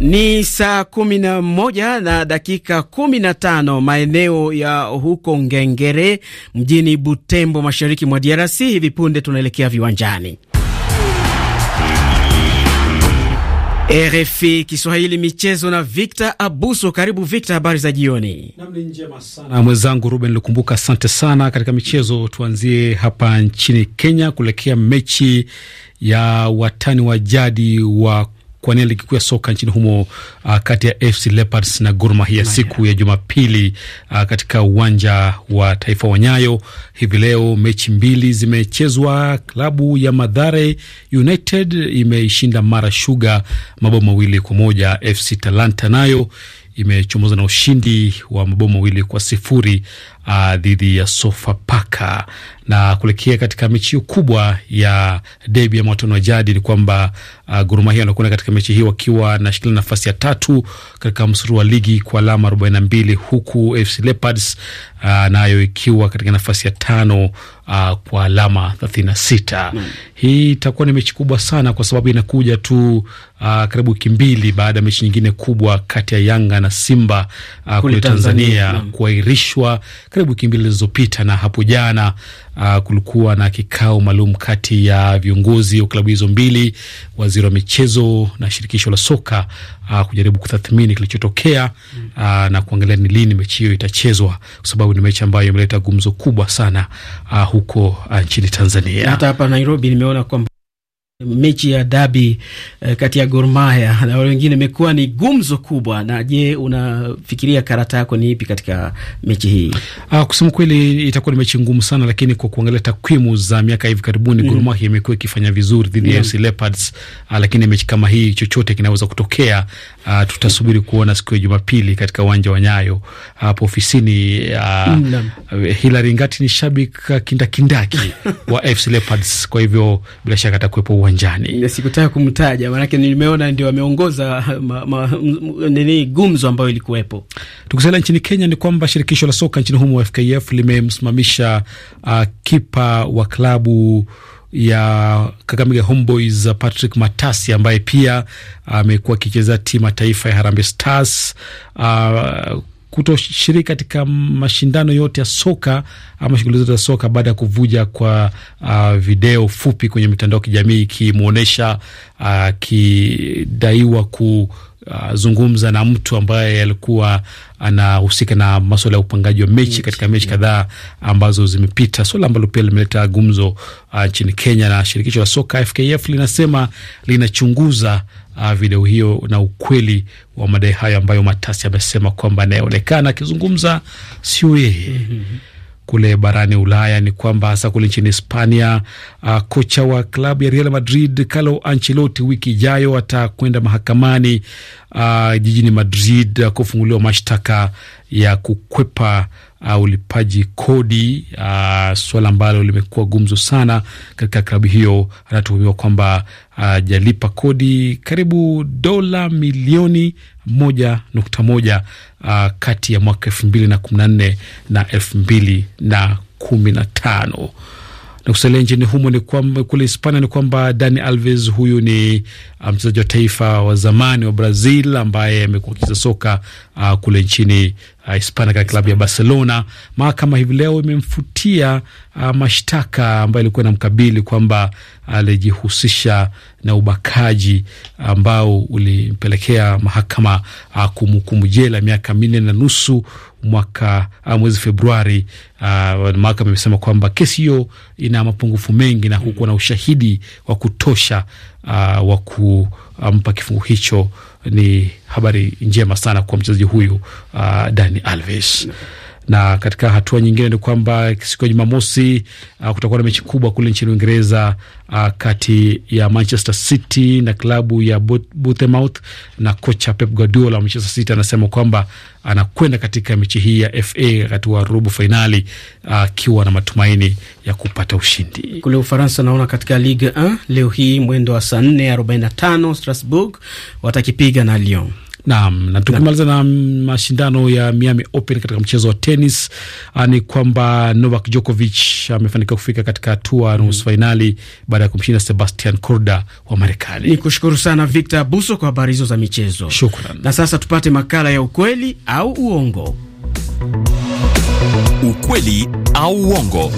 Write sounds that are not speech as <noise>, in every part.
Ni saa kumi na moja na dakika kumi na tano maeneo ya huko Ngengere mjini Butembo, mashariki mwa DRC. Hivi punde tunaelekea viwanjani. RFI Kiswahili michezo na Victor Abuso. Karibu Victor, habari za jioni. Namni njema sana mwenzangu Ruben Lukumbuka, asante sana. Katika michezo, tuanzie hapa nchini Kenya kuelekea mechi ya watani wa jadi wa kuwania ligi kuu ya soka nchini humo uh, kati ya FC Leopards na Gor Mahia siku ya Jumapili uh, katika uwanja wa taifa wa Nyayo. Hivi leo mechi mbili zimechezwa. Klabu ya Madhare United imeishinda Mara Sugar mabao mawili kwa moja. FC Talanta nayo imechomoza na ushindi wa mabao mawili kwa sifuri uh, dhidi ya Sofapaka. Na kuelekea katika mechi hiyo kubwa ya debi ya mwatano wa jadi ni kwamba uh, Gor Mahia wanakwenda katika mechi hii wakiwa na wanashikilia nafasi ya tatu katika msuru wa ligi kwa alama 42 huku FC Leopards uh, nayo ikiwa katika nafasi ya tano uh, kwa alama 36. Mm. Hii itakuwa ni mechi kubwa sana kwa sababu inakuja tu uh, karibu wiki mbili baada ya mechi nyingine kubwa kati ya Yanga na Simba uh, kule Tanzania, Tanzania hmm. kuahirishwa karibu wiki mbili zilizopita, na hapo jana uh, kulikuwa na kikao maalum kati ya viongozi wa klabu hizo mbili, waziri wa michezo na shirikisho la soka uh, kujaribu kutathmini kilichotokea uh, na kuangalia ni lini mechi hiyo itachezwa, kwa sababu ni mechi ambayo imeleta gumzo kubwa sana uh, huko uh, nchini Tanzania. Hata hapa Nairobi nimeona kwamba mechi ya dabi eh, kati ya Gor Mahia na wale wengine imekuwa ni gumzo kubwa. Na je, unafikiria karata yako ni ipi katika mechi hii? Ah, kusema kweli itakuwa ni mechi ngumu sana, lakini kwa kuangalia takwimu za miaka hivi karibuni mm. Gor mm-hmm. Mahia imekuwa ikifanya vizuri dhidi ya mm. FC Leopards, ah, lakini mechi kama hii chochote kinaweza kutokea. Ah, tutasubiri kuona siku ya Jumapili katika uwanja wa Nyayo hapo ofisini. Ah, mm. Hilary Ngati ni shabiki kindakindaki <laughs> wa FC Leopards, kwa hivyo bila shaka atakuwepo uwanjani. Sikutaka kumtaja maanake nimeona ndio ameongoza nini gumzo ambayo ilikuwepo. Tukisalia nchini Kenya ni kwamba shirikisho la soka nchini humo FKF limemsimamisha uh, kipa wa klabu ya Kakamega Homeboys Patrick Matasi ambaye pia amekuwa uh, akicheza timu ya taifa ya Harambee Stars uh, kutoshiriki katika mashindano yote ya soka ama shughuli zote za soka baada ya kuvuja kwa uh, video fupi kwenye mitandao ya kijamii ikimwonyesha akidaiwa uh, ku Ah, zungumza na mtu ambaye alikuwa anahusika na maswala ya upangaji wa mechi katika mechi kadhaa ambazo zimepita, swala ambalo pia limeleta gumzo ah, nchini uh, Kenya. Na shirikisho la soka FKF linasema linachunguza uh, video hiyo na ukweli wa madai hayo ambayo Matasi amesema kwamba anayeonekana akizungumza sio yeye. mm -hmm kule barani Ulaya ni kwamba hasa kule nchini Hispania, uh, kocha wa klabu ya Real Madrid Carlo Ancelotti wiki ijayo atakwenda mahakamani uh, jijini Madrid uh, kufunguliwa mashtaka ya kukwepa uh, ulipaji kodi uh, suala ambalo limekuwa gumzo sana katika klabu hiyo. Anatuhumiwa kwamba ajalipa uh, kodi karibu dola milioni moja nukta moja uh, kati ya mwaka elfu mbili na kumi na nne na elfu mbili na kumi na tano na kusalia nchini humo ni kwamba, kule Hispania ni kwamba Dani Alves huyu ni ah, mchezaji wa taifa wa zamani wa Brazil ambaye amekuwa akicheza soka uh, kule nchini uh, Hispania katika klabu ya Barcelona. Mahakama hivi leo imemfutia uh, mashtaka ambayo ilikuwa inamkabili kwamba alijihusisha na ubakaji ambao ulimpelekea mahakama uh, kumhukumu jela miaka minne na nusu mwaka uh, mwezi Februari. Uh, mahakama imesema kwamba kesi hiyo ina mapungufu mengi na hukuwa na ushahidi wa kutosha uh, wa kumpa kifungo hicho. Ni habari njema sana kwa mchezaji huyu uh, Dani Alves. Na katika hatua nyingine ni kwamba siku ya Jumamosi uh, kutakuwa na mechi kubwa kule nchini Uingereza uh, kati ya Manchester City na klabu ya Bournemouth, na kocha Pep Guardiola wa Manchester City anasema kwamba anakwenda katika mechi hii ya FA wakati wa robo fainali uh, akiwa uh, na matumaini ya kupata ushindi. Kule Ufaransa naona katika Ligue 1 leo hii mwendo wa saa 4:45 Strasbourg watakipiga na Lyon. Naam, na tukimaliza na mashindano ya Miami Open katika mchezo wa tenis ah, ni kwamba Novak Djokovic amefanikiwa kufika katika hatua ya nusu fainali baada ya kumshinda Sebastian Korda wa Marekani. Ni kushukuru sana Victor Buso kwa habari hizo za michezo, shukran. Na sasa tupate makala ya ukweli au uongo. Ukweli au uongo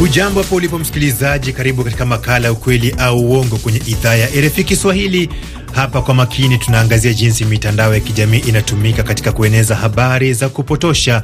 ujambo hapo ulipo msikilizaji, karibu katika makala ya ukweli au uongo kwenye idhaa ya RFI Kiswahili. Hapa kwa makini tunaangazia jinsi mitandao ya kijamii inatumika katika kueneza habari za kupotosha.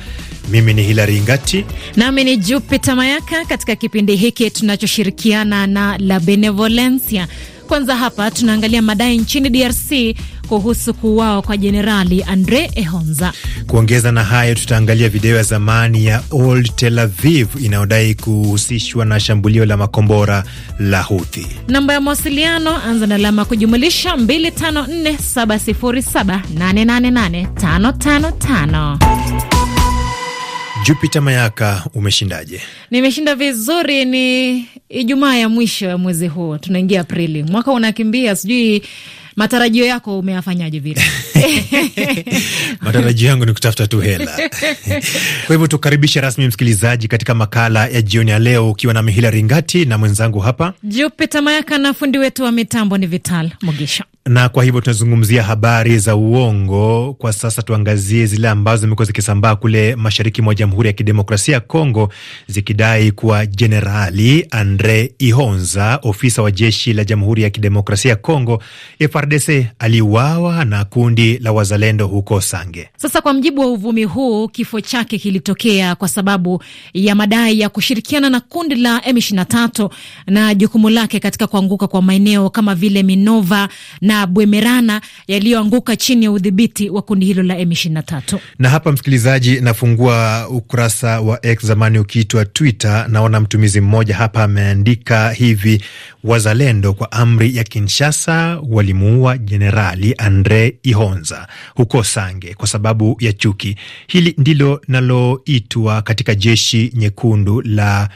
Mimi ni Hilari Ngati nami ni Jupita Mayaka. Katika kipindi hiki tunachoshirikiana na La Benevolencia kwanza hapa tunaangalia madai nchini DRC kuhusu kuuawa kwa Jenerali Andre Ehonza. Kuongeza na hayo, tutaangalia video ya zamani ya Old Tel Aviv inayodai kuhusishwa na shambulio la makombora la huthi Namba ya mawasiliano anza na alama kujumulisha 254707888555 Jupita Mayaka, umeshindaje? Nimeshinda vizuri. Ni Ijumaa ya mwisho ya mwezi huu, tunaingia Aprili, mwaka unakimbia, sijui matarajio yako umeyafanyaje vile? <laughs> Matarajio yangu ni kutafuta tu hela. <laughs> Kwa hivyo tukaribishe rasmi msikilizaji katika makala ya jioni ya leo, ukiwa na Mihila Ringati na mwenzangu hapa Jupita Mayaka na fundi wetu wa mitambo ni Vital Mugisha na kwa hivyo tunazungumzia habari za uongo kwa sasa. Tuangazie zile ambazo zimekuwa zikisambaa kule mashariki mwa Jamhuri ya Kidemokrasia ya Kongo zikidai kuwa Jenerali Andre Ihonza, ofisa wa jeshi la Jamhuri ya Kidemokrasia ya Kongo FRDC, aliuawa na kundi la wazalendo huko Sange. Sasa kwa mjibu wa uvumi huu, kifo chake kilitokea kwa sababu ya madai ya kushirikiana na kundi la M23 na jukumu lake katika kuanguka kwa maeneo kama vile Minova na na Bwemerana yaliyoanguka chini ya udhibiti wa kundi hilo la M23. Na hapa, msikilizaji, nafungua ukurasa wa X zamani ukiitwa Twitter, naona mtumizi mmoja hapa ameandika hivi: Wazalendo kwa amri ya Kinshasa walimuua Jenerali Andre Ihonza huko Sange kwa sababu ya chuki. Hili ndilo naloitwa katika jeshi nyekundu la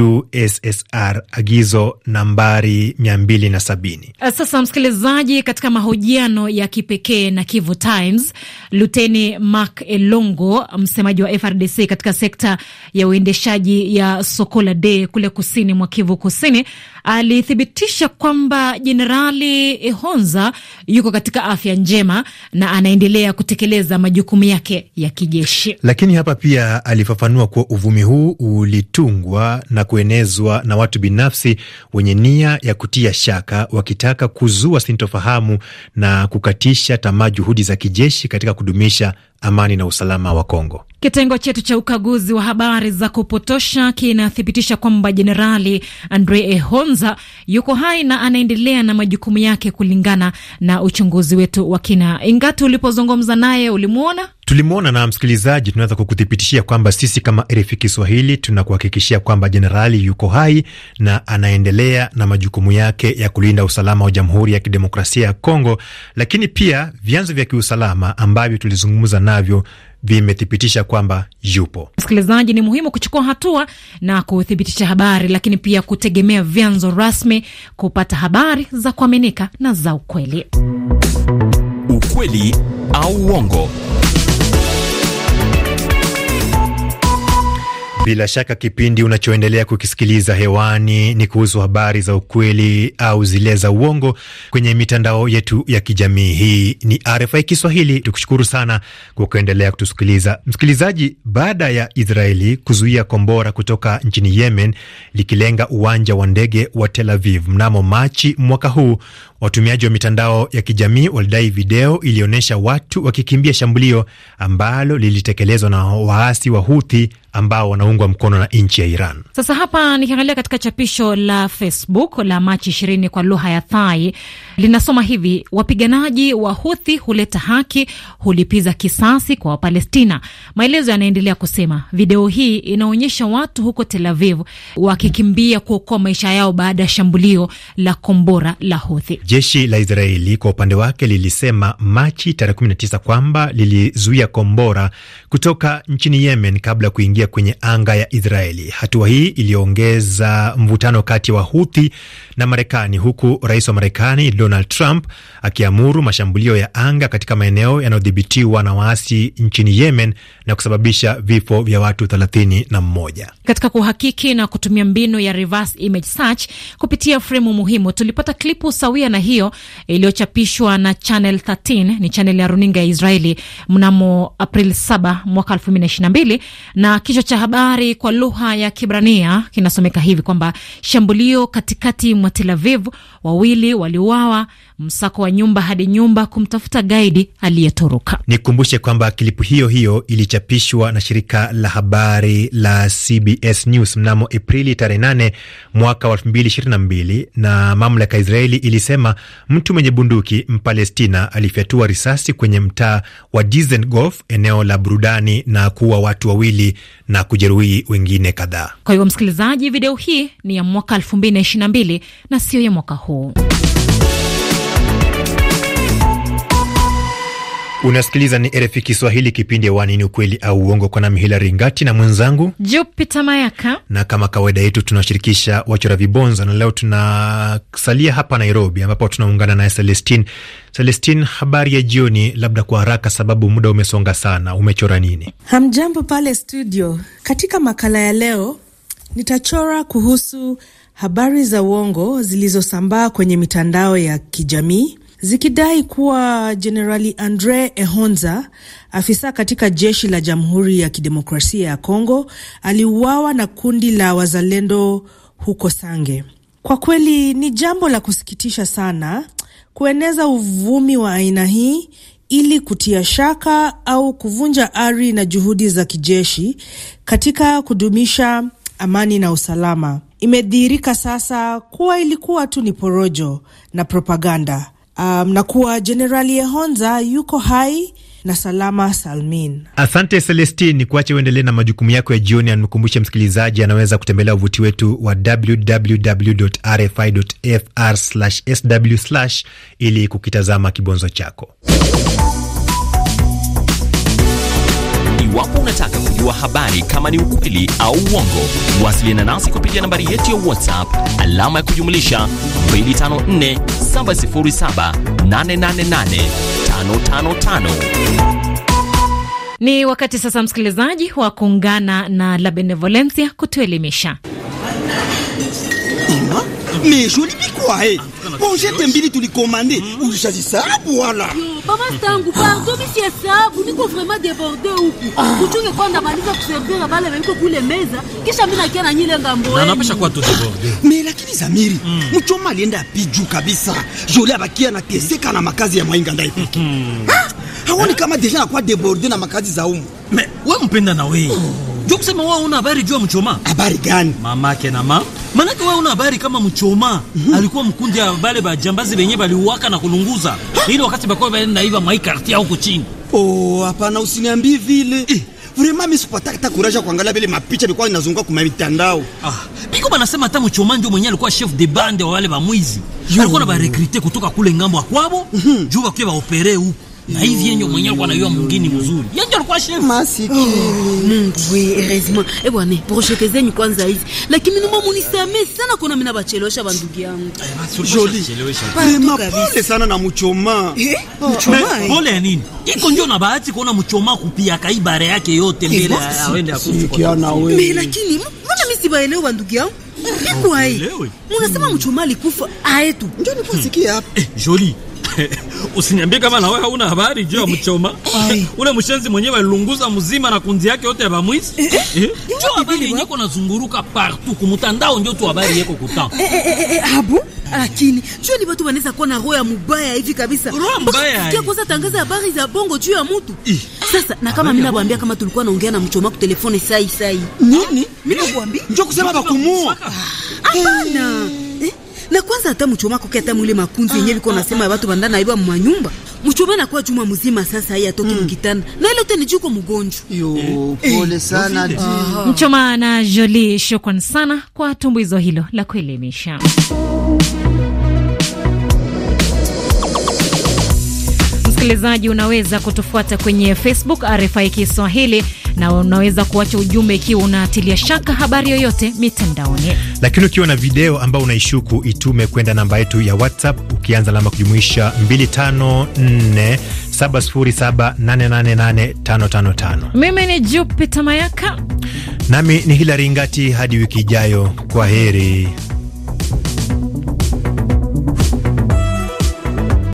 USSR agizo nambari 270. Eh, sasa msikilizaji, katika mahojiano ya kipekee na Kivu Times, Luteni Mark Elongo, msemaji wa FRDC katika sekta ya uendeshaji ya Sokola de kule kusini mwa Kivu Kusini, ali alithibitisha kwamba Jenerali Honza yuko katika afya njema na anaendelea kutekeleza majukumu yake ya kijeshi. Lakini hapa pia alifafanua kuwa uvumi huu ulitungwa na kuenezwa na watu binafsi wenye nia ya kutia shaka, wakitaka kuzua sintofahamu na kukatisha tamaa juhudi za kijeshi katika kudumisha amani na usalama wa Kongo. Kitengo chetu cha ukaguzi wa habari za kupotosha kinathibitisha kwamba Jenerali Andre Ehonza yuko hai na anaendelea na majukumu yake kulingana na uchunguzi wetu wa kina. Ingati, ulipozungumza naye ulimwona tulimwona na msikilizaji, tunaweza kukuthibitishia kwamba sisi kama RFI Kiswahili tunakuhakikishia kwamba jenerali yuko hai na anaendelea na majukumu yake ya kulinda usalama wa Jamhuri ya Kidemokrasia ya Kongo, lakini pia vyanzo vya kiusalama ambavyo tulizungumza navyo vimethibitisha kwamba yupo. Msikilizaji, ni muhimu kuchukua hatua na kuthibitisha habari, lakini pia kutegemea vyanzo rasmi kupata habari za kuaminika na za ukweli. Ukweli au uongo Bila shaka kipindi unachoendelea kukisikiliza hewani ni kuhusu habari za ukweli au zile za uongo kwenye mitandao yetu ya kijamii. Hii ni RFI Kiswahili, tukushukuru sana kwa kuendelea kutusikiliza msikilizaji. Baada ya Israeli kuzuia kombora kutoka nchini Yemen likilenga uwanja wa ndege wa Tel Aviv mnamo Machi mwaka huu, watumiaji wa mitandao ya kijamii walidai video ilionyesha watu wakikimbia shambulio ambalo lilitekelezwa na waasi wa huthi ambao wanaungwa mkono na nchi ya Iran. Sasa hapa nikiangalia katika chapisho la Facebook la Machi ishirini kwa lugha ya Thai linasoma hivi: wapiganaji wa Huthi huleta haki, hulipiza kisasi kwa Wapalestina. Maelezo yanaendelea kusema, video hii inaonyesha watu huko Tel Aviv wakikimbia kuokoa maisha yao baada ya shambulio la kombora la Huthi. Jeshi la Israeli kwa upande wake lilisema Machi tarehe 19 kwamba lilizuia kombora kutoka nchini Yemen kabla ya kuingia kuingia kwenye anga ya Israeli. Hatua hii iliongeza mvutano kati ya wa Wahuthi na Marekani, huku rais wa Marekani Donald Trump akiamuru mashambulio ya anga katika maeneo yanayodhibitiwa na waasi nchini Yemen na kusababisha vifo vya watu 31. Katika kuhakiki na kutumia mbinu ya reverse image search kupitia fremu muhimu, tulipata klipu sawia na hiyo iliyochapishwa na Channel 13, ni channel ya runinga ya Israeli mnamo Aprili 7 mwaka 2022 na Kichwa cha habari kwa lugha ya Kibrania kinasomeka hivi kwamba shambulio katikati mwa Tel Aviv, wawili waliuawa msako wa nyumba hadi nyumba kumtafuta gaidi aliyetoroka. Nikumbushe kwamba klipu hiyo hiyo ilichapishwa na shirika la habari la CBS News mnamo Aprili tarehe 8 mwaka wa 2022 na mamlaka ya Israeli ilisema mtu mwenye bunduki Mpalestina alifyatua risasi kwenye mtaa wa Dizengoff, eneo la burudani, na kuua watu wawili na kujeruhi wengine kadhaa. Kwa hivyo, msikilizaji, video hii ni ya mwaka 2022 na siyo ya mwaka huu. Unasikiliza ni RFI Kiswahili, kipindi Wanini, ukweli au uongo, kwa nami Hilari Ngati na mwenzangu Jupita Mayaka, na kama kawaida yetu tunashirikisha wachora vibonzo, na leo tunasalia hapa Nairobi ambapo tunaungana naye Celestin. Celestin, habari ya jioni. Labda kwa haraka, sababu muda umesonga sana, umechora nini? Hamjambo pale studio. Katika makala ya leo nitachora kuhusu habari za uongo zilizosambaa kwenye mitandao ya kijamii zikidai kuwa Jenerali Andre Ehonza, afisa katika jeshi la Jamhuri ya Kidemokrasia ya Kongo, aliuawa na kundi la wazalendo huko Sange. Kwa kweli ni jambo la kusikitisha sana kueneza uvumi wa aina hii ili kutia shaka au kuvunja ari na juhudi za kijeshi katika kudumisha amani na usalama. Imedhihirika sasa kuwa ilikuwa tu ni porojo na propaganda um, na kuwa Jenerali Yehonza yuko hai na salama salmin. Asante Celestin, kuache uendelee na majukumu yako ya jioni. Anikumbushe msikilizaji anaweza kutembelea uvuti wetu wa www.rfi.fr/sw ili kukitazama kibonzo chako. Iwapo unataka kujua habari kama ni ukweli au uongo, wasiliana nasi kupitia nambari yetu ya WhatsApp alama ya kujumlisha 254 ni wakati sasa, msikilizaji, wa kuungana na La Benevolencia kutuelimisha mejoli bikwa e konjete mbili tulikomande ulishazisabu wala baba pardo misi hesabu niko vraiment deborde huku kuchunge kwa ndamaliza kusembera bale veiko kule meza kisha mi nakia na nyile ngamboanapesha me lakini zamiri mchoma alienda apiju kabisa joli abakia nateseka na makazi ya mainga ndaipiki haoni kama deja nakuwa deborde na makazi za umu me we mpenda na weye ndio kusema wewe una habari juu ya Mchoma. Habari gani? Mamake na mama. Manake wewe una habari kama Mchoma mm -hmm. alikuwa mkundi ya wale bajambazi wenyewe waliuaka na kulunguza. Ile wakati bakoe bali na iva mai kartia huko chini. Oh, hapana usiniambie vile. Eh. Vrema mimi sipataka hata kuraja kuangalia vile mapicha bikuwa inazunguka kwa mitandao. Ah, biko banasema hata Mchoma ndio mwenyewe alikuwa chef de bande wa wale mwizi. Alikuwa na ba recruter kutoka kule ngambo kwabo, mm -hmm. juu bakiwa baopere huko na hivi yenye mwenyewe anayua mwingine mzuri yenye alikuwa chef masikini. Oh, Mungu we erezima eh bwana, eh, prochete zenyu kwanza hizi, lakini naomba munisame sana, kuna mimi nabachelewesha bandugu yangu eh, joli prema. Pole sana na mchoma eh, eh mchoma pole ya nini? Iko ndio na bahati kuona mchoma kupia kai bare yake yote mbele aende akuchukua mimi, lakini mbona mimi sibaelewi bandugu yangu ah, iko hai, mnasema mchoma alikufa aetu ndio nikusikia hapa eh, joli <laughs> Usiniambie kama na wewe hauna habari juu ya mchoma. <laughs> Ule mshenzi mwenyewe alilunguza mzima na kunzi yake yote ya bamwizi. Eh, eh, eh? eh? Njoo habari yako nazunguruka partout kumtandao ndio tu habari yako kutaa. Abu, lakini juu ni watu wanaweza kuwa na roho ya mubaya hivi kabisa. Roho mbaya. Kia kwanza tangaza habari za bongo juu ya mtu. Sasa na kama mimi nakwambia kama tulikuwa naongea na mchoma kwa telefoni sai sai. Nini? Mimi nakwambia. Njoo kusema bakumua. Ah, hapana na kwanza hata mchoma koke hata mwile makunzi yenyewe liko nasema watu bandana naiba mwanyumba mchoma na kwa juma mzima sasa hii atoki mm. mkitana na ile tena jiko mgonjwa yo eh. pole eh. sana ah. mchoma na joli shukran sana kwa tumbuizo hilo la kuelimisha. Msikilizaji, unaweza kutufuata kwenye Facebook RFI Kiswahili na unaweza kuacha ujumbe ikiwa unaatilia shaka habari yoyote mitandaoni. Lakini ukiwa na video ambayo unaishuku, itume kwenda namba yetu ya WhatsApp ukianza alama kujumuisha 254 7788855. Mimi ni Jupita Mayaka nami ni Hilari Ngati. Hadi wiki ijayo, kwa heri.